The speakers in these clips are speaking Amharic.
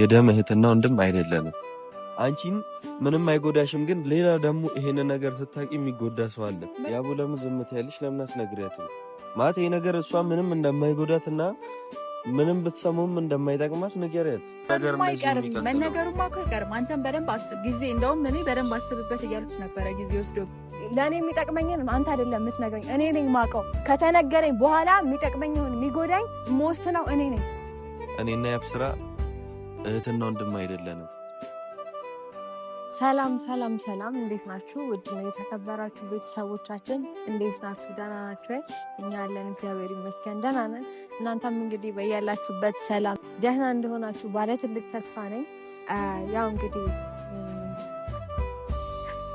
የደም እህትና ወንድም አይደለንም። አንቺን ምንም አይጎዳሽም፣ ግን ሌላ ደግሞ ይሄን ነገር ስታቂ የሚጎዳ ሰው አለ። ያቡ ለምን ዝምት ያልሽ? ለምን አስነግሪያትም? ማለት ይሄ ነገር እሷ ምንም እንደማይጎዳትና ምንም ብትሰሙም እንደማይጠቅማት ንገሪያት። መነገሩማ እኮ አይቀርም። አንተም በደንብ ጊዜ እንደውም እኔ በደንብ አስብበት እያልኩት ነበረ ጊዜ ወስዶ ለእኔ የሚጠቅመኝን አንተ አይደለም የምትነግረኝ፣ እኔ ነኝ ማውቀው። ከተነገረኝ በኋላ የሚጠቅመኝ ይሁን የሚጎዳኝ የምወስነው እኔ ነኝ። እኔና ያብ ስራ እህትና ወንድም አይደለንም። ሰላም ሰላም ሰላም፣ እንዴት ናችሁ? ውድ የተከበራችሁ ቤተሰቦቻችን እንዴት ናችሁ? ደህና ናችሁ? እኛ ያለን እግዚአብሔር ይመስገን ደህና ነን። እናንተም እንግዲህ በያላችሁበት ሰላም ደህና እንደሆናችሁ ባለ ትልቅ ተስፋ ነኝ። ያው እንግዲህ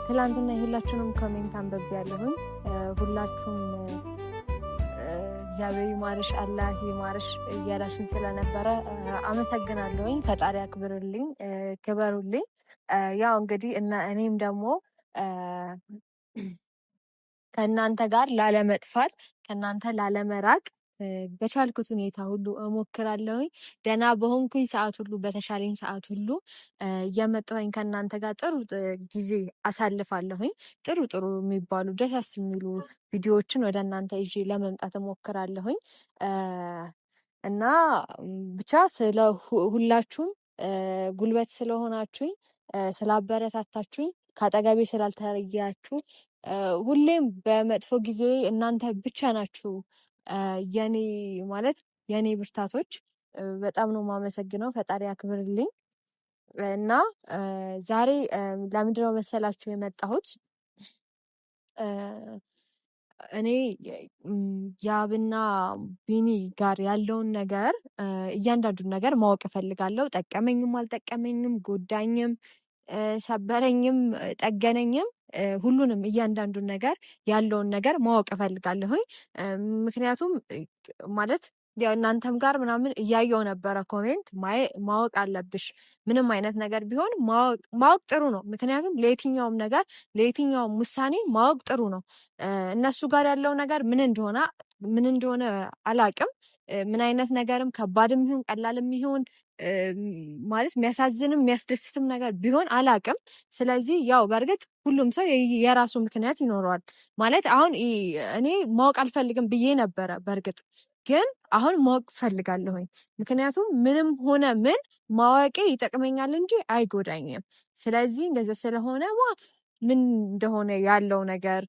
ትላንትና የሁላችሁንም ኮሜንት አንብቤ ያለሁኝ ሁላችሁም እግዚአብሔር ይማርሽ፣ አላህ ይማርሽ እያላሽን ስለነበረ አመሰግናለሁኝ። ፈጣሪ አክብርልኝ፣ ክበሩልኝ። ያው እንግዲህ እና እኔም ደግሞ ከእናንተ ጋር ላለመጥፋት ከእናንተ ላለመራቅ በቻልኩት ሁኔታ ሁሉ እሞክራለሁኝ። ደህና በሆንኩኝ ሰዓት ሁሉ በተሻለኝ ሰዓት ሁሉ እየመጣሁኝ ከእናንተ ጋር ጥሩ ጊዜ አሳልፋለሁኝ። ጥሩ ጥሩ የሚባሉ ደስ የሚሉ ቪዲዮዎችን ወደ እናንተ ይዤ ለመምጣት እሞክራለሁኝ እና ብቻ ስለ ሁላችሁም ጉልበት ስለሆናችሁኝ፣ ስላበረታታችሁኝ፣ ከአጠገቤ ስላልተለያችሁ ሁሌም በመጥፎ ጊዜ እናንተ ብቻ ናችሁ የኔ ማለት የኔ ብርታቶች በጣም ነው የማመሰግነው። ፈጣሪ አክብርልኝ እና ዛሬ ለምንድነው መሰላችሁ የመጣሁት? እኔ ያብና ቢኒ ጋር ያለውን ነገር እያንዳንዱን ነገር ማወቅ እፈልጋለሁ። ጠቀመኝም አልጠቀመኝም፣ ጎዳኝም፣ ሰበረኝም፣ ጠገነኝም ሁሉንም እያንዳንዱን ነገር ያለውን ነገር ማወቅ እፈልጋለሁኝ። ምክንያቱም ማለት እናንተም ጋር ምናምን እያየው ነበረ ኮሜንት ማወቅ አለብሽ። ምንም አይነት ነገር ቢሆን ማወቅ ጥሩ ነው። ምክንያቱም ለየትኛውም ነገር ለየትኛውም ውሳኔ ማወቅ ጥሩ ነው። እነሱ ጋር ያለው ነገር ምን እንደሆነ ምን እንደሆነ አላቅም። ምን አይነት ነገርም ከባድም ይሁን ቀላልም ይሁን ማለት የሚያሳዝንም የሚያስደስትም ነገር ቢሆን አላቅም። ስለዚህ ያው በእርግጥ ሁሉም ሰው የራሱ ምክንያት ይኖረዋል። ማለት አሁን እኔ ማወቅ አልፈልግም ብዬ ነበረ በእርግጥ ግን አሁን ማወቅ ፈልጋለሁኝ። ምክንያቱም ምንም ሆነ ምን ማወቄ ይጠቅመኛል እንጂ አይጎዳኝም። ስለዚህ እንደዚ ስለሆነ ዋ ምን እንደሆነ ያለው ነገር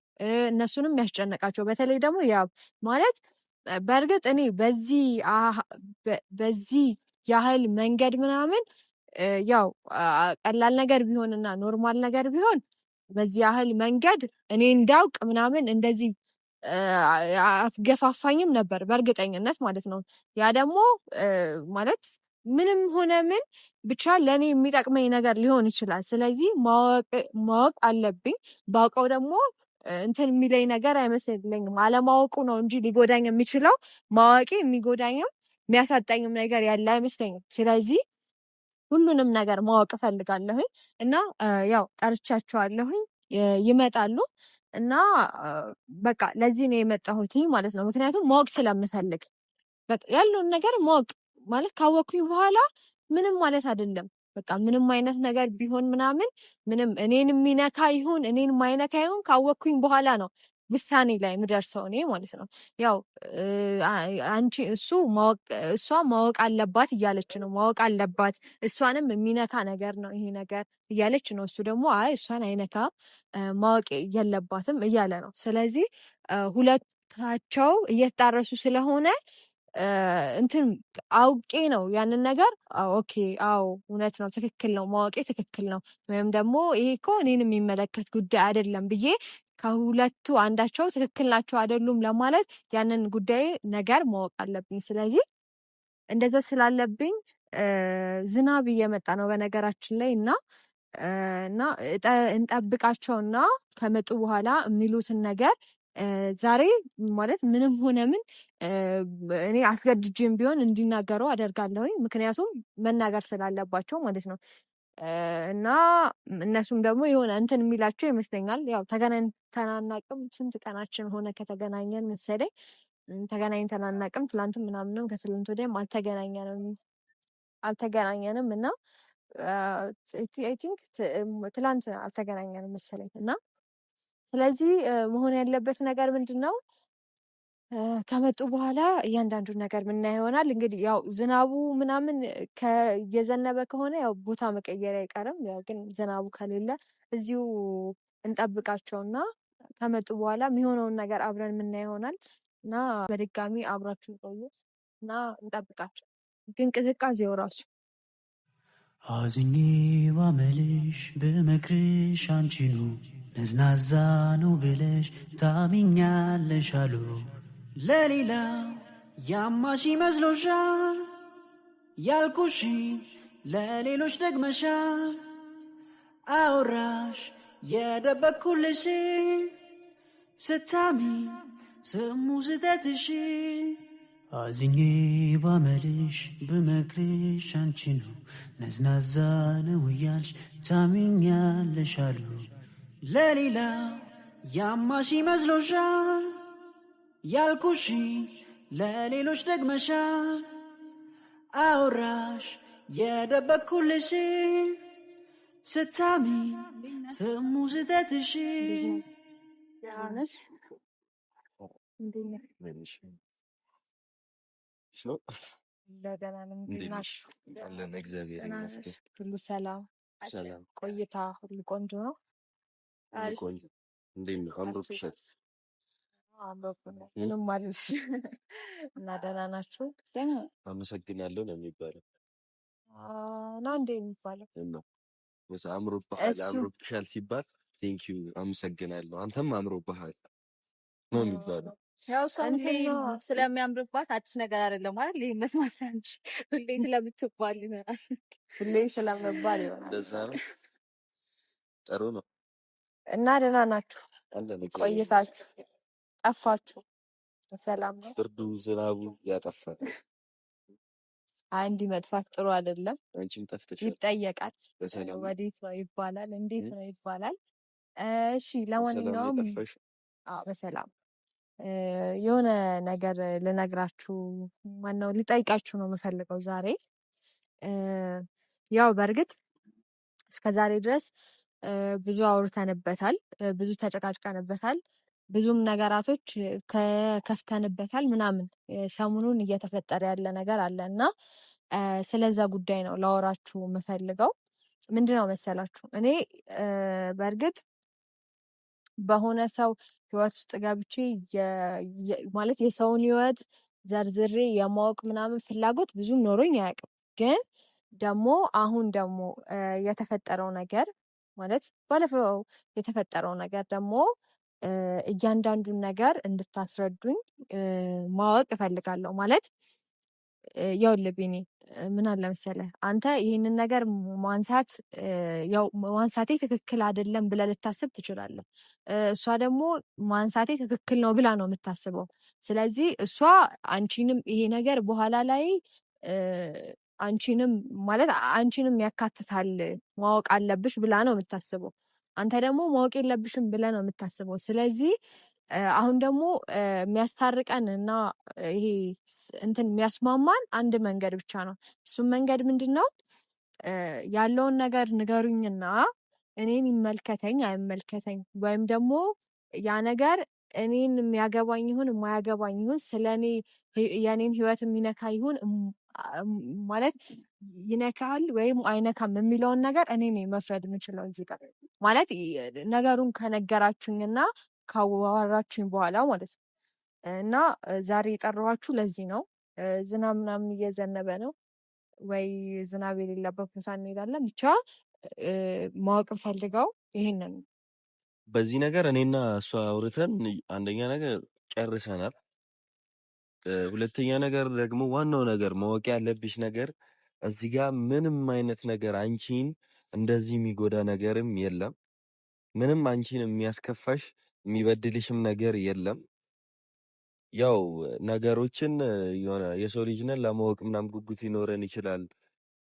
እነሱንም ያስጨነቃቸው በተለይ ደግሞ ያው ማለት በእርግጥ እኔ በዚህ በዚህ ያህል መንገድ ምናምን ያው ቀላል ነገር ቢሆንና ኖርማል ነገር ቢሆን በዚህ ያህል መንገድ እኔ እንዳውቅ ምናምን እንደዚህ አስገፋፋኝም ነበር በእርግጠኝነት ማለት ነው። ያ ደግሞ ማለት ምንም ሆነ ምን ብቻ ለእኔ የሚጠቅመኝ ነገር ሊሆን ይችላል። ስለዚህ ማወቅ አለብኝ። ባውቀው ደግሞ እንትን የሚለኝ ነገር አይመስለኝም። አለማወቁ ነው እንጂ ሊጎዳኝ የሚችለው ማወቂ የሚጎዳኝም የሚያሳጣኝም ነገር ያለ አይመስለኝም። ስለዚህ ሁሉንም ነገር ማወቅ እፈልጋለሁኝ እና ያው ጠርቻቸዋለሁኝ ይመጣሉ እና በቃ ለዚህ ነው የመጣሁት ማለት ነው። ምክንያቱም ማወቅ ስለምፈልግ ያለውን ነገር ማወቅ ማለት ካወቅኩኝ በኋላ ምንም ማለት አይደለም። በቃ ምንም አይነት ነገር ቢሆን ምናምን ምንም እኔን የሚነካ ይሁን እኔን ማይነካ ይሁን ካወቅኩኝ በኋላ ነው ውሳኔ ላይ የምደርሰው እኔ ማለት ነው። ያው አንቺ እሱ እሷ ማወቅ አለባት እያለች ነው ማወቅ አለባት እሷንም የሚነካ ነገር ነው ይሄ ነገር እያለች ነው። እሱ ደግሞ አይ እሷን አይነካ ማወቅ የለባትም እያለ ነው። ስለዚህ ሁለታቸው እየተጣረሱ ስለሆነ እንትን አውቄ ነው ያንን ነገር ኦኬ፣ አዎ እውነት ነው፣ ትክክል ነው፣ ማወቄ ትክክል ነው፣ ወይም ደግሞ ይሄ እኮ እኔን የሚመለከት ጉዳይ አይደለም ብዬ ከሁለቱ አንዳቸው ትክክል ናቸው አይደሉም ለማለት ያንን ጉዳይ ነገር ማወቅ አለብኝ። ስለዚህ እንደዛ ስላለብኝ ዝናብ እየመጣ ነው በነገራችን ላይ እና እና እንጠብቃቸውና ከመጡ በኋላ የሚሉትን ነገር ዛሬ ማለት ምንም ሆነ ምን እኔ አስገድጄም ቢሆን እንዲናገሩ አደርጋለሁኝ። ምክንያቱም መናገር ስላለባቸው ማለት ነው። እና እነሱም ደግሞ የሆነ እንትን የሚላቸው ይመስለኛል። ያው ተገናኝተን አናቅም፣ ስንት ቀናችን ሆነ ከተገናኘን መሰለኝ። ተገናኝተን አናቅም፣ ትላንትም ምናምንም ከትላንት ወዲያም አልተገናኘንም አልተገናኘንም እና አይ ቲንክ ትላንት አልተገናኘንም መሰለኝ እና ስለዚህ መሆን ያለበት ነገር ምንድን ነው? ከመጡ በኋላ እያንዳንዱን ነገር ምናይ ይሆናል። እንግዲህ ያው ዝናቡ ምናምን የዘነበ ከሆነ ያው ቦታ መቀየር አይቀርም። ያው ግን ዝናቡ ከሌለ እዚሁ እንጠብቃቸውና ከመጡ በኋላ የሚሆነውን ነገር አብረን ምናይ ይሆናል እና በድጋሚ አብራችሁ ቆዩ እና እንጠብቃቸው። ግን ቅዝቃዜው ራሱ አዝኜ ባመልሽ ብመክርሽ አንቺኑ ነዝናዛ ነው ብለሽ ታሚኛለሽ አሉ ለሌላ ያማሽ ይመስሎሻል ያልኩሽ ለሌሎች ደግመሻ አውራሽ የደበኩልሽ ስታሚ ስሙ ስተትሽ አዝኜ ባመልሽ ብመክርሽ አንቺ ነው ነዝናዛ ነው እያልሽ ታሚኛለሽ ለሌላ ያማሽ ይመስሎሻል يا الكوشي لا ليلوش نجمشة أوراش يا دب كل شي ستامي سمو ستات شي يا نجم شنو؟ لا ده انا مديناش لا انا اكزاغير كله سلام سلام ቆይታ ሁሉ ቆንጆ ነው። ቆንጆ እንዴት ነው? አምሮብሻል? ምንም አልልሽ እና ደህና ናችሁ? አመሰግናለሁ ነው የሚባለው። ና እንዴ የሚባለው አምሮብሃል፣ አምሮብሻል ሲባል ቴንኪዩ አመሰግናለሁ፣ አንተም አምሮብሃል ነው የሚባለው። ያው ሰው ስለሚያምርባት አዲስ ነገር አይደለም ማለት ይህ መስማት አንቺ ሁሌ ስለምትባል ይሆናል። ሁሌ ስለምባል ይሆናል። ጥሩ ነው። እና ደህና ናችሁ ቆይታችሁ ጠፋችሁ? ሰላም ነው። ብርዱ ዝናቡ ያጠፋል። አንድ መጥፋት ጥሩ አይደለም። አንቺም ጠፍተሽ ይጠየቃል። ወዴት ነው ይባላል፣ እንዴት ነው ይባላል። እሺ ለማንኛውም በሰላም የሆነ ነገር ልነግራችሁ ማነው ሊጠይቃችሁ ነው የምፈልገው ዛሬ። ያው በእርግጥ እስከ ዛሬ ድረስ ብዙ አውርተንበታል፣ ብዙ ተጨቃጭቀንበታል። ብዙም ነገራቶች ከከፍተንበታል ምናምን ሰሙኑን እየተፈጠረ ያለ ነገር አለ እና ስለዛ ጉዳይ ነው ላወራችሁ የምፈልገው። ምንድን ነው መሰላችሁ፣ እኔ በእርግጥ በሆነ ሰው ህይወት ውስጥ ገብቼ ማለት የሰውን ህይወት ዘርዝሬ የማወቅ ምናምን ፍላጎት ብዙም ኖሮኝ አያውቅም። ግን ደግሞ አሁን ደግሞ የተፈጠረው ነገር ማለት ባለፈው የተፈጠረው ነገር ደግሞ እያንዳንዱን ነገር እንድታስረዱኝ ማወቅ እፈልጋለሁ። ማለት ያው ልቢኒ ምን አለ አንተ ይህንን ነገር ማንሳት ያው ማንሳቴ ትክክል አይደለም ብለህ ልታስብ ትችላለህ። እሷ ደግሞ ማንሳቴ ትክክል ነው ብላ ነው የምታስበው። ስለዚህ እሷ አንቺንም ይሄ ነገር በኋላ ላይ አንቺንም ማለት አንቺንም ያካትታል ማወቅ አለብሽ ብላ ነው የምታስበው። አንተ ደግሞ ማወቅ የለብሽም ብለህ ነው የምታስበው። ስለዚህ አሁን ደግሞ የሚያስታርቀን እና ይሄ እንትን የሚያስማማን አንድ መንገድ ብቻ ነው። እሱም መንገድ ምንድን ነው? ያለውን ነገር ንገሩኝና እኔን ይመልከተኝ አይመልከተኝ፣ ወይም ደግሞ ያ ነገር እኔን የሚያገባኝ ይሁን የማያገባኝ ይሁን ስለ እኔ የእኔን ህይወት የሚነካ ይሁን ማለት ይነካል ወይም አይነካም የሚለውን ነገር እኔ ነው መፍረድ የምችለው እዚህ ጋር ማለት ነገሩን ከነገራችሁኝና ካዋራችሁኝ በኋላ ማለት ነው። እና ዛሬ የጠራኋችሁ ለዚህ ነው። ዝናብ ምናምን እየዘነበ ነው ወይ ዝናብ የሌለበት ቦታ እንሄዳለን። ብቻ ማወቅ ፈልገው ይሄንን በዚህ ነገር እኔና እሷ አውርተን አንደኛ ነገር ጨርሰናል። ሁለተኛ ነገር ደግሞ ዋናው ነገር ማወቅ ያለብሽ ነገር እዚህ ጋር ምንም አይነት ነገር አንቺን እንደዚህ የሚጎዳ ነገርም የለም። ምንም አንቺን የሚያስከፋሽ የሚበድልሽም ነገር የለም። ያው ነገሮችን የሆነ የሰው ልጅ ነን ለማወቅ ምናምን ጉጉት ሊኖረን ይችላል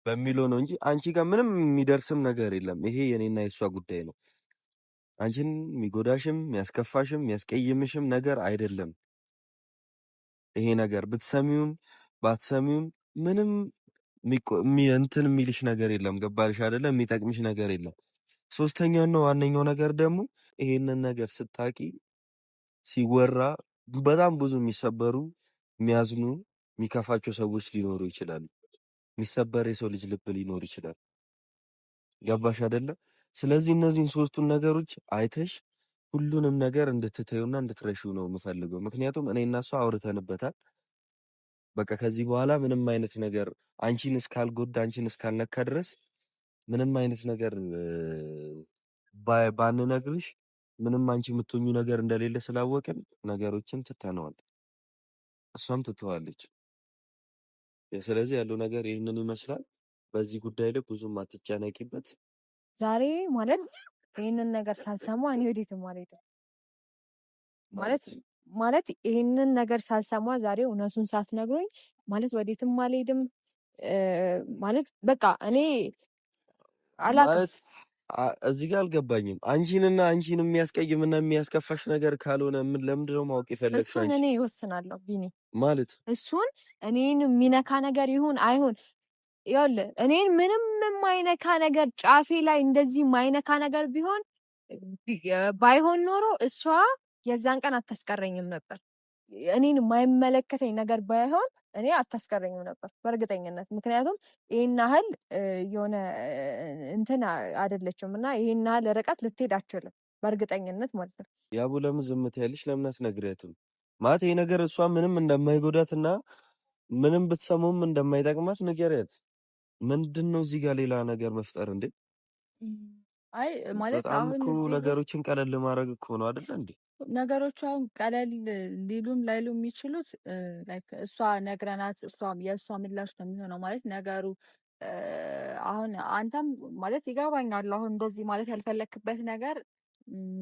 በሚለው ነው እንጂ አንቺ ጋር ምንም የሚደርስም ነገር የለም። ይሄ የኔና የእሷ ጉዳይ ነው። አንቺን የሚጎዳሽም የሚያስከፋሽም የሚያስቀይምሽም ነገር አይደለም። ይሄ ነገር ብትሰሚውም ባትሰሚውም ምንም እንትን የሚልሽ ነገር የለም። ገባልሽ አይደለ? የሚጠቅምሽ ነገር የለም። ሶስተኛውና ዋነኛው ነገር ደግሞ ይሄንን ነገር ስታቂ ሲወራ በጣም ብዙ የሚሰበሩ የሚያዝኑ የሚከፋቸው ሰዎች ሊኖሩ ይችላሉ። የሚሰበር የሰው ልጅ ልብ ሊኖር ይችላል። ገባሽ አይደለ? ስለዚህ እነዚህን ሶስቱን ነገሮች አይተሽ ሁሉንም ነገር እንድትተዩና እንድትረሹ ነው የምፈልገው። ምክንያቱም እኔ እና እሷ አውርተንበታል። በቃ ከዚህ በኋላ ምንም አይነት ነገር አንቺን እስካልጎዳ አንቺን እስካልነካ ድረስ ምንም አይነት ነገር ባንነግርሽ ምንም አንቺ የምትኙ ነገር እንደሌለ ስላወቅን ነገሮችን ትተነዋል፣ እሷም ትተዋለች። ስለዚህ ያለው ነገር ይህንን ይመስላል። በዚህ ጉዳይ ላይ ብዙም አትጨነቂበት ዛሬ ማለት ይህንን ነገር ሳልሰማ እኔ ወዴትም አልሄድም ማለት ማለት ይህንን ነገር ሳልሰማ ዛሬ እውነቱን ሳትነግሩኝ ማለት ወዴትም አልሄድም ማለት በቃ እኔ አላውቅም። እዚህ ጋር አልገባኝም። አንቺንና አንቺን የሚያስቀይምና የሚያስከፋሽ ነገር ካልሆነ ምን ለምንድን ነው ማወቅ የፈለግሽ? እሱን እኔ ይወስናለሁ ቢኒ ማለት እሱን እኔን የሚነካ ነገር ይሁን አይሁን ያለ እኔን ምንም የማይነካ ነገር ጫፌ ላይ እንደዚህ የማይነካ ነገር ቢሆን ባይሆን ኖሮ እሷ የዛን ቀን አታስቀረኝም ነበር። እኔን የማይመለከተኝ ነገር ባይሆን እኔ አታስቀረኝም ነበር በእርግጠኝነት። ምክንያቱም ይህን ያህል የሆነ እንትን አይደለችም እና ይህን ያህል ርቀት ልትሄድ አችልም በእርግጠኝነት ማለት ነው። ያቡ ለምን ዝምት ያልሽ? ለምን አትነግሪያትም? ማለት ይህ ነገር እሷ ምንም እንደማይጎዳት እና ምንም ብትሰሙም እንደማይጠቅማት ንገሪያት። ምንድን ነው እዚህ ጋር ሌላ ነገር መፍጠር እንዴ? አይ ማለት አሁን እኮ ነገሮችን ቀለል ለማድረግ እኮ ነው አይደለ እንዴ? ነገሮቹ አሁን ቀለል ሊሉም ላይሉ የሚችሉት ላይክ እሷ ነግረናት እሷ የእሷ ምላሽ ነው የሚሆነው። ማለት ነገሩ አሁን አንተም ማለት ይገባኛል። አሁን እንደዚህ ማለት ያልፈለክበት ነገር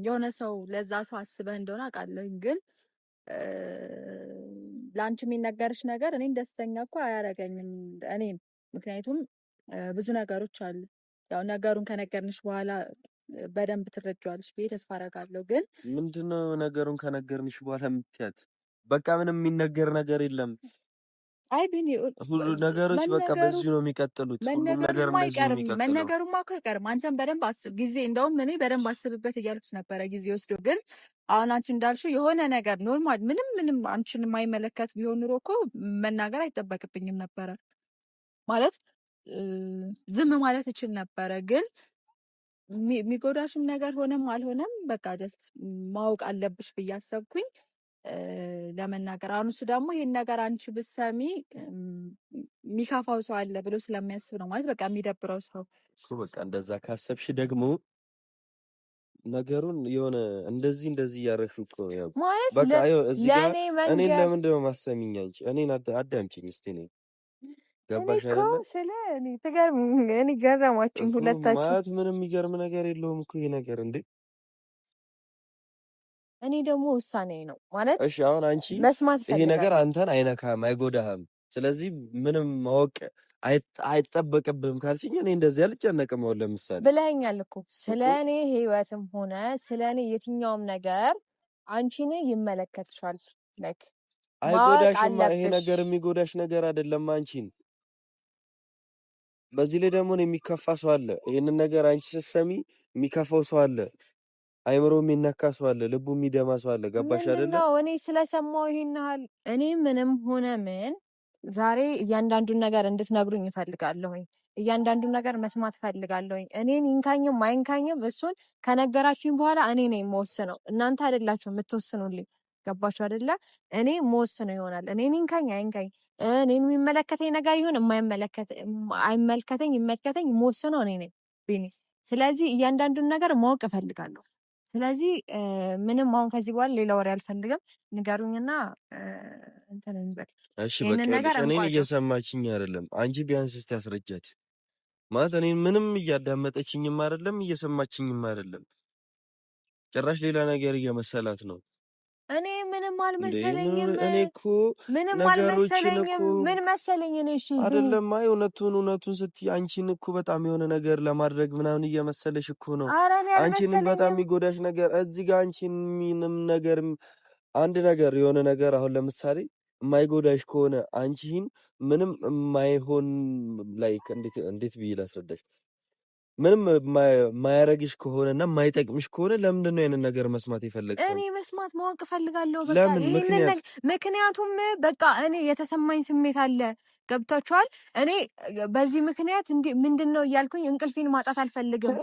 የሆነ ሰው ለዛ ሰው አስበህ እንደሆነ አውቃለሁኝ፣ ግን ለአንቺ የሚነገርሽ ነገር እኔን ደስተኛ እኮ አያረገኝም እኔን ምክንያቱም ብዙ ነገሮች አሉ። ያው ነገሩን ከነገርንሽ በኋላ በደንብ ትረጃዋለሽ ብዬ ተስፋ አደርጋለሁ። ግን ምንድነው ነገሩን ከነገርንሽ በኋላ የምትያት? በቃ ምንም የሚነገር ነገር የለም። አይ ቢኒ ሁሉ ነገሮች በቃ በዚህ ነው የሚቀጥሉት። መነገሩማ አይቀርም፣ እኮ አይቀርም። አንተም በደንብ አስብ ጊዜ እንደውም እኔ በደንብ አስብበት እያልኩት ነበረ ጊዜ ወስዶ። ግን አሁን አንቺ እንዳልሽው የሆነ ነገር ኖርማል ምንም ምንም አንቺን የማይመለከት ቢሆን ኑሮ እኮ መናገር አይጠበቅብኝም ነበረ። ማለት ዝም ማለት እችል ነበረ ግን የሚጎዳሽም ነገር ሆነም አልሆነም በቃ ደስ ማወቅ አለብሽ ብዬ አሰብኩኝ ለመናገር። አሁን እሱ ደግሞ ይህን ነገር አንቺ ብሰሚ የሚከፋው ሰው አለ ብሎ ስለሚያስብ ነው ማለት በቃ የሚደብረው ሰው በቃ እንደዛ ካሰብሽ ደግሞ ነገሩን የሆነ እንደዚህ እንደዚህ እያደረግሽ እኮ ነው ማለት ለእኔ መንገድ እኔን ለምንድን ነው ማሰሚኝ? አንቺ እኔን አዳምጪኝ እስኪ ነኝ ገባሽ አይደለ? ስለ ማለት ምንም የሚገርም ነገር የለውም እኮ ይሄ ነገር እንዴ። እኔ ደግሞ ውሳኔ ነው ማለት እሺ። አሁን አንቺ መስማት ይሄ ነገር አንተን አይነካም፣ አይጎዳህም። ስለዚህ ምንም ማወቅ አይጠበቅብህም ካልሽኝ እኔ እንደዚህ አልጨነቅም። አሁን ለምሳሌ ብለኸኛል እኮ ስለ እኔ ህይወትም ሆነ ስለ እኔ የትኛውም ነገር አንቺን ይመለከትሻል። ላይክ አይጎዳሽም። ይሄ ነገር የሚጎዳሽ ነገር አይደለም አንቺን በዚህ ላይ ደግሞ የሚከፋ ሰው አለ። ይህንን ነገር አንቺ ስትሰሚ የሚከፋው ሰው አለ። አይምሮ የሚነካ ሰው አለ። ልቡ የሚደማ ሰው አለ። ገባሽ አይደለ? እኔ ስለሰማው ይሄን እኔ ምንም ሆነ ምን ዛሬ እያንዳንዱን ነገር እንድትነግሩኝ እፈልጋለሁኝ። እያንዳንዱን ነገር መስማት ፈልጋለሁ እኔን ይንካኝም አይንካኝም እሱን ከነገራችሁኝ በኋላ እኔ ነው የምወስነው። እናንተ አይደላችሁ የምትወስኑልኝ። ገባችሁ አደለ? እኔ መወስነው ይሆናል። እኔ ኒንካኝ አይንካኝ፣ እኔን የሚመለከተኝ ነገር ይሁን አይመልከተኝ፣ ይመልከተኝ፣ መወስነው እኔ ነኝ ቢኒስ። ስለዚህ እያንዳንዱን ነገር ማወቅ እፈልጋለሁ። ስለዚህ ምንም አሁን ከዚህ በኋላ ሌላ ወሬ አልፈልግም። ንገሩኝና እንትን እንበል እኔን እየሰማችኝ አይደለም። አንቺ ቢያንስ እስቲ አስረጃት ማለት እኔ ምንም እያዳመጠችኝም አይደለም እየሰማችኝም አይደለም። ጭራሽ ሌላ ነገር እየመሰላት ነው። እኔ ምንም አልመሰለኝም። እኔ እኮ ምንም አልመሰለኝም። ምን መሰለኝ እኔ እሺ፣ አይደለም አይ እውነቱን እውነቱን ስትይ አንቺን እኮ በጣም የሆነ ነገር ለማድረግ ምናምን እየመሰለሽ እኮ ነው። አንቺንም በጣም የሚጎዳሽ ነገር እዚህ ጋር አንቺን ምንም ነገር አንድ ነገር የሆነ ነገር አሁን ለምሳሌ የማይጎዳሽ ከሆነ አንቺን ምንም የማይሆን ላይክ እንዴት ብዬ ላስረዳሽ ምንም ማያረግሽ ከሆነና ማይጠቅምሽ ከሆነ ለምንድን ነው ነገር መስማት የፈለግሽ? እኔ መስማት ማወቅ እፈልጋለሁ። ምክንያቱም በቃ እኔ የተሰማኝ ስሜት አለ። ገብታችኋል? እኔ በዚህ ምክንያት ምንድን ነው እያልኩኝ እንቅልፌን ማጣት አልፈልግም።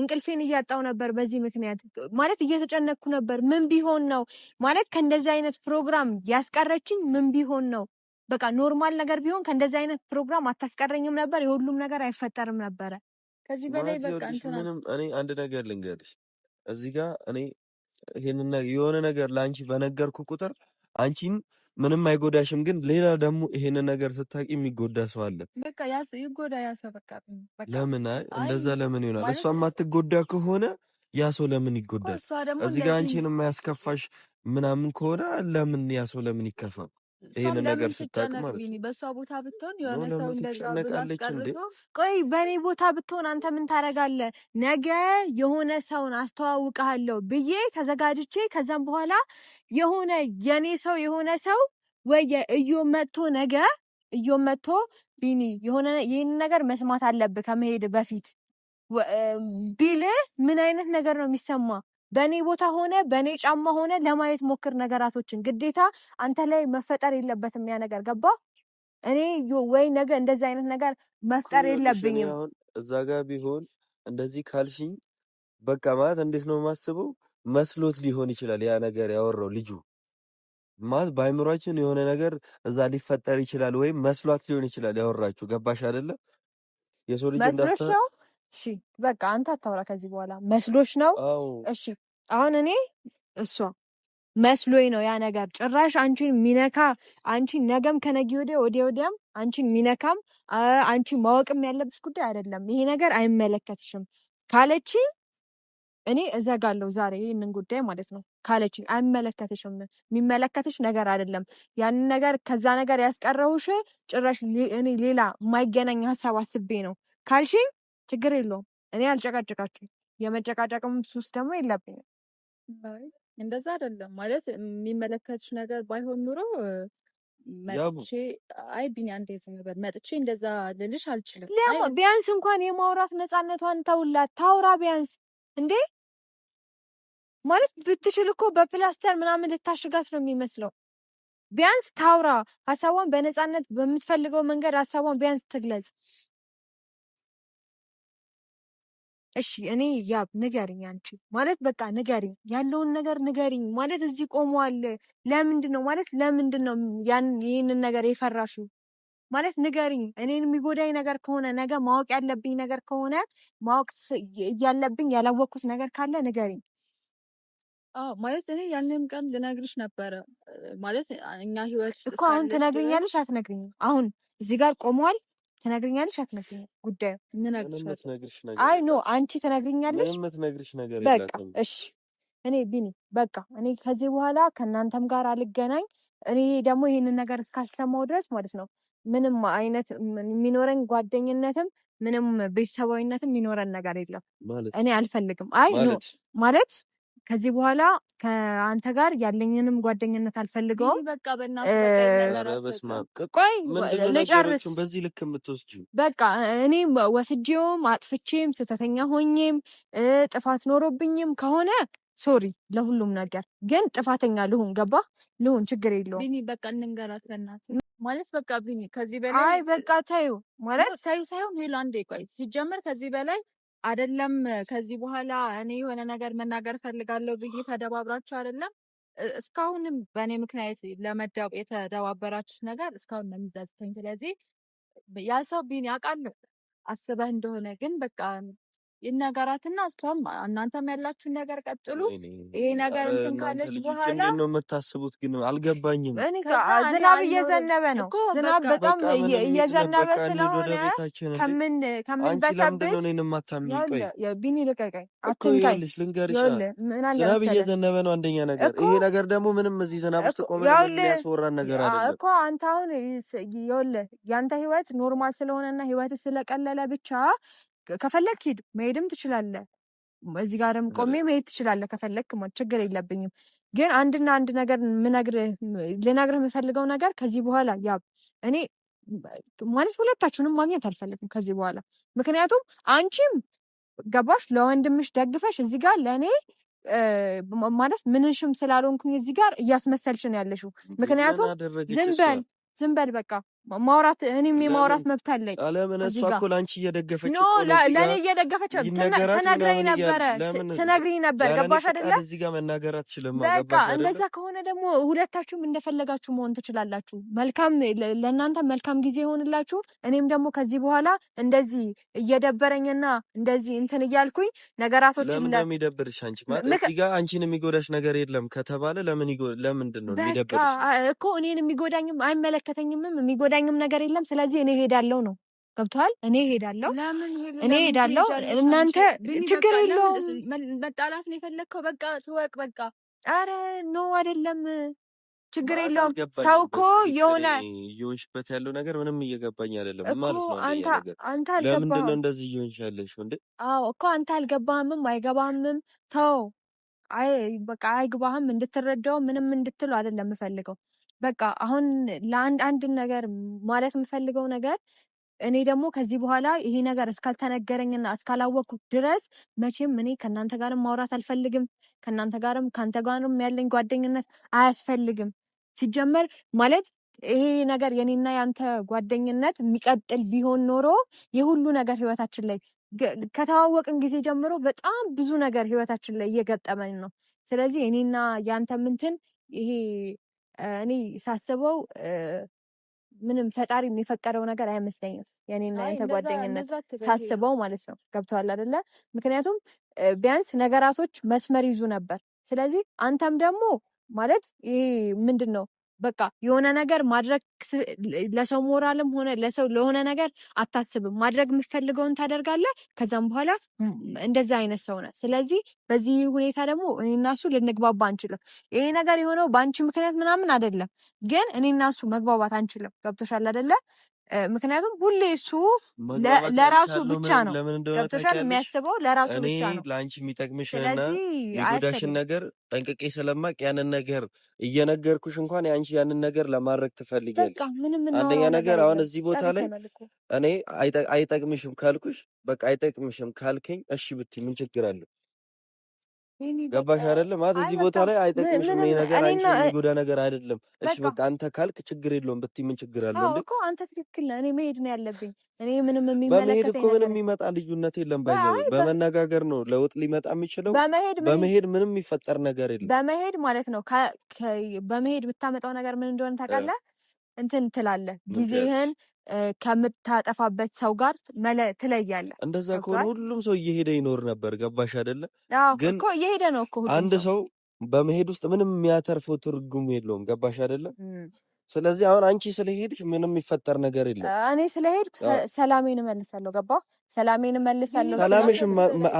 እንቅልፌን እያጣው ነበር። በዚህ ምክንያት ማለት እየተጨነኩ ነበር። ምን ቢሆን ነው ማለት ከእንደዚህ አይነት ፕሮግራም ያስቀረችኝ ምን ቢሆን ነው? በቃ ኖርማል ነገር ቢሆን ከእንደዚህ አይነት ፕሮግራም አታስቀረኝም ነበር። የሁሉም ነገር አይፈጠርም ነበረ። ከዚህ በላይ በቃ ምንም። እኔ አንድ ነገር ልንገርሽ፣ እዚህ ጋር እኔ ይሄንን የሆነ ነገር ለአንቺ በነገርኩ ቁጥር አንቺን ምንም አይጎዳሽም፣ ግን ሌላ ደግሞ ይሄንን ነገር ስታቂ የሚጎዳ ሰው አለ። በቃ ያስ ይጎዳ ያሰ በቃ ለምን እንደዛ ለምን ይሆናል? እሷ የማትጎዳ ከሆነ ያ ሰው ለምን ይጎዳል? እዚህ ጋር አንቺን የማያስከፋሽ ምናምን ከሆነ ለምን ያ ሰው ለምን ይከፋል? ይህን ነገር ስታቅ በእሷ ቦታ ብትሆን የሆነ ሰው እንደዛብናስቀርቶ ቆይ፣ በእኔ ቦታ ብትሆን አንተ ምን ታደርጋለህ? ነገ የሆነ ሰውን አስተዋውቀሃለሁ ብዬ ተዘጋጅቼ ከዛም በኋላ የሆነ የኔ ሰው የሆነ ሰው ወየ እዮ መጥቶ ነገ እዮ መጥቶ ቢኒ የሆነ ይህን ነገር መስማት አለብህ ከመሄድ በፊት ቢልህ ምን አይነት ነገር ነው የሚሰማ? በእኔ ቦታ ሆነ በእኔ ጫማ ሆነ ለማየት ሞክር ነገራቶችን። ግዴታ አንተ ላይ መፈጠር የለበትም ያ ነገር ገባ። እኔ ወይ ነገ እንደዚህ አይነት ነገር መፍጠር የለብኝም። እዛ ጋ ቢሆን እንደዚህ ካልሽኝ በቃ ማለት እንዴት ነው የማስበው መስሎት ሊሆን ይችላል ያ ነገር ያወራው ልጁ ማለት በአይምሯችን የሆነ ነገር እዛ ሊፈጠር ይችላል፣ ወይም መስሏት ሊሆን ይችላል ያወራችሁ። ገባሽ አይደለም? የሰው ልጅ እሺ በቃ አንተ አታውራ ከዚህ በኋላ መስሎሽ ነው። እሺ አሁን እኔ እሷ መስሎኝ ነው ያ ነገር ጭራሽ አንቺን ሚነካ አንቺን ነገም ከነጊ ወዲያ ወዲያ ወዲያም አንቺን ሚነካም አንቺ ማወቅም ያለብሽ ጉዳይ አይደለም። ይሄ ነገር አይመለከትሽም ካለች እኔ እዘጋለሁ ዛሬ ይህንን ጉዳይ ማለት ነው። ካለች አይመለከትሽም፣ የሚመለከትሽ ነገር አይደለም። ያንን ነገር ከዛ ነገር ያስቀረውሽ ጭራሽ እኔ ሌላ የማይገናኝ ሀሳብ አስቤ ነው ካልሽኝ ችግር የለውም። እኔ አልጨቃጨቃችሁም። የመጨቃጨቅም ሱስ ደግሞ የለብኝም። እንደዛ አይደለም ማለት የሚመለከትሽ ነገር ባይሆን ኑሮ መጥቼ አይ ቢኒ አንዴ ዝም በል መጥቼ እንደዛ ልልሽ አልችልም። ቢያንስ እንኳን የማውራት ነፃነቷን ተውላት፣ ታውራ ቢያንስ እንዴ ማለት ብትችል እኮ በፕላስተር ምናምን ልታሽጋት ነው የሚመስለው። ቢያንስ ታውራ ሀሳቧን በነፃነት በምትፈልገው መንገድ ሀሳቧን ቢያንስ ትግለጽ። እሺ እኔ ያብ ንገሪኝ፣ አንቺ ማለት በቃ ንገሪኝ፣ ያለውን ነገር ንገሪኝ ማለት እዚህ ቆመዋል። ለምንድን ነው ማለት ለምንድን ነው ያን ይህንን ነገር የፈራሹ ማለት ንገሪኝ። እኔን የሚጎዳኝ ነገር ከሆነ ነገ ማወቅ ያለብኝ ነገር ከሆነ ማወቅ እያለብኝ ያላወቅኩት ነገር ካለ ንገሪኝ። ማለት እኔ ያንንም ቀን ልነግርሽ ነበረ ማለት እኛ ህይወት እኮ አሁን ትነግሪኛለሽ አትነግሪኝም? አሁን እዚህ ጋር ቆመዋል ትነግርኛለሽ አትነግሪኝም? ጉዳዩ አይ ኖ አንቺ ትነግርኛለሽ። በቃ እሺ፣ እኔ ቢኒ በቃ እኔ ከዚህ በኋላ ከእናንተም ጋር አልገናኝ። እኔ ደግሞ ይህንን ነገር እስካልሰማው ድረስ ማለት ነው ምንም አይነት የሚኖረን ጓደኝነትም ምንም ቤተሰባዊነትም የሚኖረን ነገር የለም። እኔ አልፈልግም። አይ ኖ ማለት ከዚህ በኋላ ከአንተ ጋር ያለኝንም ጓደኝነት አልፈልገውም። ቆይ ልጨርስ። በዚህ ልክ የምትወስጂው በቃ እኔ ወስጄውም አጥፍቼም ስህተተኛ ሆኜም ጥፋት ኖሮብኝም ከሆነ ሶሪ ለሁሉም ነገር ግን ጥፋተኛ ልሁን፣ ገባ ልሁን፣ ችግር የለውም። ቢኒ በቃ እንንገራት በእናትህ ማለት በቃ ቢኒ ከዚህ በላይ አይ በቃ ታዩ ማለት ታዩ ሳይሆን ሄሎ አንዴ ቆይ ሲጀምር ከዚህ በላይ አይደለም ከዚህ በኋላ እኔ የሆነ ነገር መናገር ፈልጋለሁ ብዬ ተደባብራችሁ አይደለም እስካሁንም በእኔ ምክንያት ለመዳብ የተደባበራችሁ ነገር እስካሁን ነው ስለዚህ ያ ሰው ቢን ያውቃል አስበህ እንደሆነ ግን በቃ ይነገራትና እሷም እናንተም ያላችሁን ነገር ቀጥሉ። ይሄ ነገር እንትን ካለች በኋላ ነው የምታስቡት። ግን አልገባኝም። ዝናብ እየዘነበ ነው። ዝናብ በጣም እየዘነበ ስለሆነ ከምን ከምን በሰብስ ቢኒ ልቀቀኝ፣ አትንካኝ። ዝናብ እየዘነበ ነው አንደኛ ነገር። ይሄ ነገር ደግሞ ምንም እዚህ ዝናብ ውስጥ ቆመ የሚያስወራን ነገር አለ እኮ አንተ አሁን ይኸውልህ፣ ያንተ ህይወት ኖርማል ስለሆነና ህይወት ስለቀለለ ብቻ ከፈለግ ሂድ፣ መሄድም ትችላለ። እዚህ ጋርም ቆሜ መሄድ ትችላለ ከፈለግ ችግር የለብኝም። ግን አንድና አንድ ነገር ልነግርህ የምፈልገው ነገር ከዚህ በኋላ ያ እኔ ማለት ሁለታችሁንም ማግኘት አልፈልግም ከዚህ በኋላ ምክንያቱም አንቺም ገባሽ ለወንድምሽ ደግፈሽ እዚህ ጋር ለእኔ ማለት ምንሽም ስላልሆንኩኝ እዚህ ጋር እያስመሰልሽን ያለሽው። ምክንያቱም ዝም በል ዝም በል በቃ ማውራት እኔም የማውራት መብት አለኝ። ለምን እሷ እኮ ለአንቺ እየደገፈች ኖ ለእኔ እየደገፈች ትነግረኝ ነበረ ትነግሪኝ ነበር። ገባሽ አደለ? እዚህ ጋር መናገር አትችልም። በቃ እንደዛ ከሆነ ደግሞ ሁለታችሁም እንደፈለጋችሁ መሆን ትችላላችሁ። መልካም ለእናንተ መልካም ጊዜ ይሆንላችሁ። እኔም ደግሞ ከዚህ በኋላ እንደዚህ እየደበረኝና እንደዚህ እንትን እያልኩኝ ነገራቶች ለምን የሚደብርሽ አንቺ ማለት እዚህ ጋር አንቺን የሚጎዳሽ ነገር የለም ከተባለ ለምን ለምንድን ነው የሚደብርሽ? እኮ እኔን የሚጎዳኝም አይመለከተኝምም የሚጎዳ የሚያገናኝም ነገር የለም። ስለዚህ እኔ ሄዳለው ነው ገብቷል። እኔ ሄዳለው እኔ ሄዳለው። እናንተ ችግር የለውም። መጣላት ነው የፈለግከው? በቃ ትወቅ በቃ። አረ ኖ አይደለም፣ ችግር የለውም። ሰው እኮ የሆነ እየሆንሽበት ያለው ነገር ምንም እየገባኝ አይደለም ማለት ነው። አንተ አልገባህም እንደዚህ እየሆንሽ ያለሽ እንዴ? አዎ እኮ አንተ አልገባህምም አይገባህምም። ተው፣ አይ በቃ አይግባህም። እንድትረዳው ምንም እንድትሉ አይደለም የምፈልገው በቃ አሁን ለአንድ አንድን ነገር ማለት የምፈልገው ነገር እኔ ደግሞ ከዚህ በኋላ ይሄ ነገር እስካልተነገረኝና እስካላወቅኩት ድረስ መቼም እኔ ከእናንተ ጋርም ማውራት አልፈልግም። ከእናንተ ጋርም ከአንተ ጋርም ያለኝ ጓደኝነት አያስፈልግም። ሲጀመር ማለት ይሄ ነገር የኔና ያንተ ጓደኝነት የሚቀጥል ቢሆን ኖሮ የሁሉ ነገር ህይወታችን ላይ ከተዋወቅን ጊዜ ጀምሮ በጣም ብዙ ነገር ህይወታችን ላይ እየገጠመን ነው። ስለዚህ እኔና ያንተ ምንትን ይሄ እኔ ሳስበው ምንም ፈጣሪ የሚፈቀደው ነገር አይመስለኝም። የኔና ያንተ ጓደኝነት ሳስበው ማለት ነው። ገብተዋል አደለ? ምክንያቱም ቢያንስ ነገራቶች መስመር ይዙ ነበር። ስለዚህ አንተም ደግሞ ማለት ይሄ ምንድን ነው በቃ የሆነ ነገር ማድረግ ለሰው ሞራልም ሆነ ለሰው ለሆነ ነገር አታስብም። ማድረግ የምፈልገውን ታደርጋለ ከዛም በኋላ እንደዛ አይነት ሰው ነ። ስለዚህ በዚህ ሁኔታ ደግሞ እኔ ልንግባባ አንችልም። ይሄ ነገር የሆነው በአንቺ ምክንያት ምናምን አይደለም፣ ግን እኔናሱ መግባባት አንችልም። ገብቶሻል አደለ? ምክንያቱም ሁሌ እሱ ለራሱ ብቻ ነው ገብቶሻል፣ የሚያስበው ለራሱ ብቻ ነው። ለአንቺ የሚጠቅምሽንና የጎዳሽን ነገር ጠንቅቄ ስለማቅ ያንን ነገር እየነገርኩሽ እንኳን የአንቺ ያንን ነገር ለማድረግ ትፈልጊያለሽ። አንደኛ ነገር አሁን እዚህ ቦታ ላይ እኔ አይጠቅምሽም ካልኩሽ በቃ አይጠቅምሽም ካልከኝ እሺ ብትይ ምን ችግር አለው? ገባሽ አይደለ? ማለት እዚህ ቦታ ላይ አይጠቅምሽም። ይሄ ነገር አንቺን የሚጎዳ ነገር አይደለም። እሺ በቃ አንተ ካልክ ችግር የለውም ብትይ ምን ችግር አለ እንዴ? እኮ አንተ ትክክል ነህ። እኔ መሄድ ነው ያለብኝ። እኔ ምንም የሚመለከተኝ እኮ ምንም የሚመጣ ልዩነት የለም። ባይዘው በመነጋገር ነው ለውጥ ሊመጣ የሚችለው። በመሄድ ምንም የሚፈጠር ነገር የለም። በመሄድ ማለት ነው። በመሄድ የምታመጣው ነገር ምን እንደሆነ ታውቃለህ። እንትን ትላለህ ጊዜህን ከምታጠፋበት ሰው ጋር ትለያለ። እንደዛ ከሆነ ሁሉም ሰው እየሄደ ይኖር ነበር። ገባሽ አይደለ? ግን እየሄደ ነው እኮ አንድ ሰው በመሄድ ውስጥ ምንም የሚያተርፈው ትርጉም የለውም። ገባሽ አይደለ? ስለዚህ አሁን አንቺ ስለሄድሽ ምንም የሚፈጠር ነገር የለም። እኔ ስለሄድኩ ሰላሜን እመልሳለሁ። ገባ? ሰላሜን እመልሳለሁ። ሰላምሽ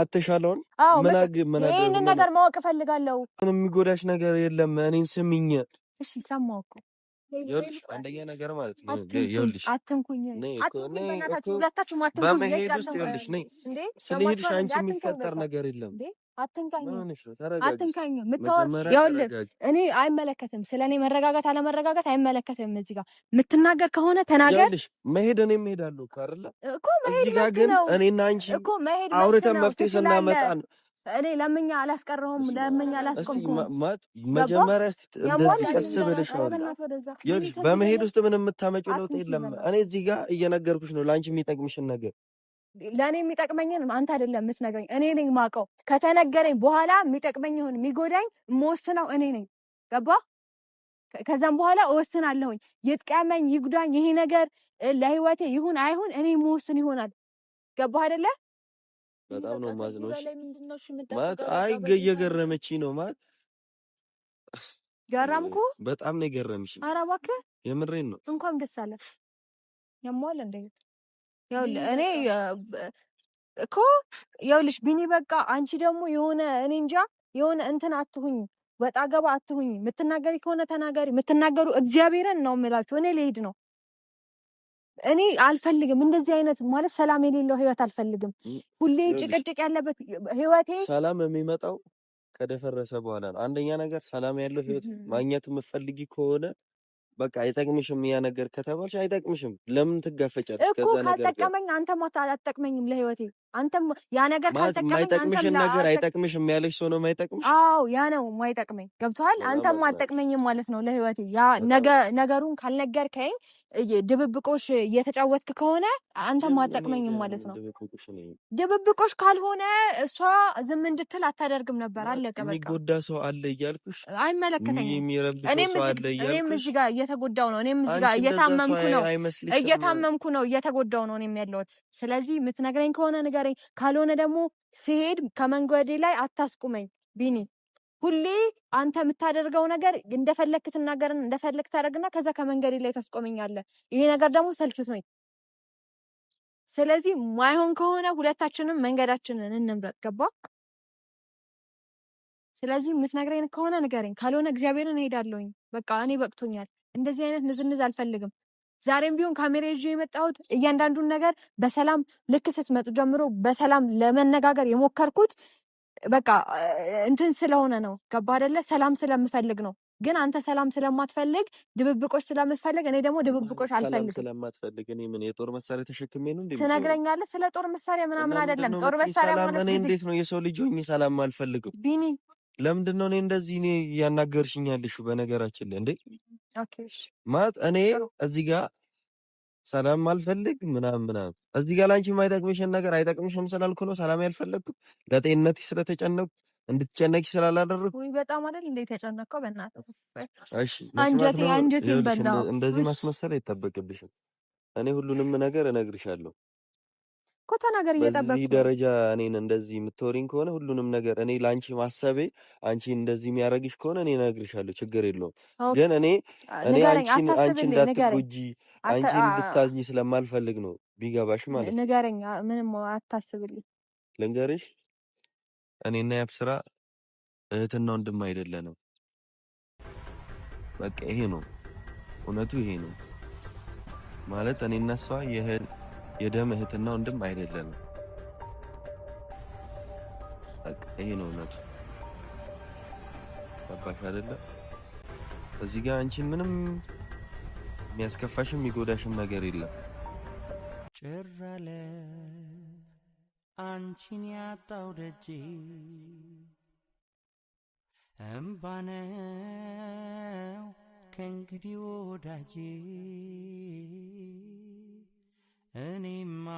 አትሻለውን? ምናግ ይህንን ነገር ማወቅ እፈልጋለሁ። የሚጎዳሽ ነገር የለም። እኔን ስሚኝ እሺ። ሰማሁ እኮ ይኸውልሽ አንደኛ ነገር ማለት ነው። ይኸውልሽ አትንኩኝ፣ በመሄድ ውስጥ ይኸውልሽ ነይ ስለሄድሽ አንቺ የሚፈጠር ነገር የለም። አትንካኝ የምታወር እኔ አይመለከትም። ስለ እኔ መረጋጋት አለመረጋጋት አይመለከትም። እዚህ ጋር የምትናገር ከሆነ ተናገር። መሄድ እኔ መሄድ አለው እኮ አይደለ እዚህ ጋር ግን እኔና አንቺ አውርተን መፍትሄ ስናመጣ እኔ ለምኛ አላስቀረውም፣ ለምኛ አላስቆምኩም። መጀመሪያ እንደዚህ ቀስ ብለሽ በመሄድ ውስጥ ምን የምታመጪው ለውጥ የለም። እኔ እዚህ ጋር እየነገርኩሽ ነው ለአንቺ የሚጠቅምሽን ነገር ለእኔ የሚጠቅመኝን አንተ አይደለም የምትነግረኝ፣ እኔ ነኝ ማውቀው። ከተነገረኝ በኋላ የሚጠቅመኝ ይሁን የሚጎዳኝ የምወስነው እኔ ነኝ። ገባ? ከዛም በኋላ እወስናለሁኝ። ይጥቀመኝ፣ ይጉዳኝ፣ ይሄ ነገር ለህይወቴ ይሁን አይሁን እኔ መወስን ይሆናል። ገባ አይደለ? በጣም ነው ማዝነው። ማለት አይ እየገረመች ነው ማለት ገረምኩ። በጣም ነው የገረምሽ። ኧረ እባክህ የምሬን ነው። እንኳን ደስ አለ ያሟል እንደ ያው እኔ እኮ ይኸውልሽ ቢኒ፣ በቃ አንቺ ደግሞ የሆነ እኔ እንጃ የሆነ እንትን አትሁኝ፣ ወጣ ገባ አትሁኝ። የምትናገሪ ከሆነ ተናገሪ። የምትናገሩ እግዚአብሔርን ነው የምላችሁ። እኔ ልሄድ ነው እኔ አልፈልግም እንደዚህ አይነት ማለት ሰላም የሌለው ህይወት አልፈልግም። ሁሌ ጭቅጭቅ ያለበት ህይወቴ ሰላም የሚመጣው ከደፈረሰ በኋላ ነው። አንደኛ ነገር ሰላም ያለው ህይወት ማግኘት የምትፈልጊ ከሆነ በቃ አይጠቅምሽም፣ ያ ነገር ከተባልሽ አይጠቅምሽም። ለምን ትጋፈጫለሽ? ከዛ ነገር ካልጠቀመኝ አትጠቅመኝም ለህይወቴ አንተም ያ ነገር ማይጠቅምሽን ነገር አይጠቅምሽም ያለሽ ሰው ነው ማይጠቅምሽ። አዎ ያ ነው ማይጠቅመኝ። ገብቶሃል? አንተም አጠቅመኝም ማለት ነው ለህይወቴ። ያ ነገ ነገሩን ካልነገርከኝ ድብብቆሽ እየተጫወትክ ከሆነ አንተም አጠቅመኝም ማለት ነው። ድብብቆሽ ካልሆነ እሷ ዝም እንድትል አታደርግም ነበር። አለቀ በቃ። የሚጎዳ ሰው አለ እያልኩሽ አይመለከተኝም። እኔም እዚህ ጋር እየተጎዳው ነው። እኔም እዚህ ጋር እየታመምኩ ነው። እየታመምኩ ነው። እየተጎዳው ነው እኔም ያለሁት። ስለዚህ የምትነግረኝ ከሆነ ነገር ንገረኝ። ካልሆነ ደግሞ ስሄድ ከመንገዴ ላይ አታስቁመኝ። ቢኒ ሁሌ አንተ የምታደርገው ነገር እንደፈለክ ትናገር፣ እንደፈለክ ታደርግና ከዛ ከመንገዴ ላይ ታስቆመኛለህ። ይሄ ነገር ደግሞ ሰልችቶኝ፣ ስለዚህ ማይሆን ከሆነ ሁለታችንም መንገዳችንን እንምረጥ። ገባ? ስለዚህ የምትነግረኝ ከሆነ ንገረኝ፣ ካልሆነ እግዚአብሔርን እሄዳለሁኝ። በቃ እኔ በቅቶኛል። እንደዚህ አይነት ንዝንዝ አልፈልግም። ዛሬም ቢሆን ካሜራ ይዤ የመጣሁት እያንዳንዱን ነገር በሰላም ልክ ስትመጡ ጀምሮ በሰላም ለመነጋገር የሞከርኩት በቃ እንትን ስለሆነ ነው። ገባ አይደለ? ሰላም ስለምፈልግ ነው። ግን አንተ ሰላም ስለማትፈልግ ድብብቆች ስለምፈልግ እኔ ደግሞ ድብብቆች አልፈልግም። ስለማትፈልግ እኔ ምን የጦር መሳሪያ ተሸክሜ ነው ትነግረኛለህ? ስለ ጦር መሳሪያ ምናምን አይደለም። ጦር መሳሪያ እኔ እንዴት ነው የሰው ልጅ ሆኜ ሰላም አልፈልግም ቢኒ ለምንድን ነው እኔ እንደዚህ እኔ እያናገርሽኝ በነገራችን ላይ እንዴ ማለት እኔ እዚህ ጋር ሰላም አልፈልግ ምናምን ምናምን እዚህ ጋር ለአንቺ የማይጠቅምሽን ነገር አይጠቅምሽም ስላልኩ ነው ሰላም ያልፈለግኩት። ለጤንነትሽ ስለተጨነቅኩ እንድትጨነቂ ስላላደረግኩ በጣም አይደል እንደ የተጨነቀው በእናትህ አንጀቴን በላው። እንደዚህ ማስመሰል አይጠበቅብሽም። እኔ ሁሉንም ነገር እነግርሻለሁ። እኮ ተናገር፣ እየጠበቅኩ በዚህ ደረጃ እኔን እንደዚህ የምትወሪኝ ከሆነ ሁሉንም ነገር እኔ ለአንቺ ማሰቤ አንቺ እንደዚህ የሚያደርግሽ ከሆነ እኔ እነግርሻለሁ፣ ችግር የለውም። ግን እኔ እኔ አንቺ እንዳትጎጂ አንቺ እንድታዝኝ ስለማልፈልግ ነው። ቢገባሽ ማለት ነው። ምንም አታስብልኝ። ልንገርሽ፣ እኔና ያብስራ እህትና ወንድም አይደለንም። በቃ ይሄ ነው እውነቱ፣ ይሄ ነው ማለት እኔና እሷ የደም እህትና ወንድም አይደለም። በቃ ይሄ ነው እውነቱ። ገባሽ አይደለም? እዚህ ጋር አንቺን ምንም የሚያስከፋሽም የሚጎዳሽም ነገር የለም። ጭር አለ አንቺን ያጣው ደጅ እምባነው ከእንግዲህ ወዳጄ እኔማ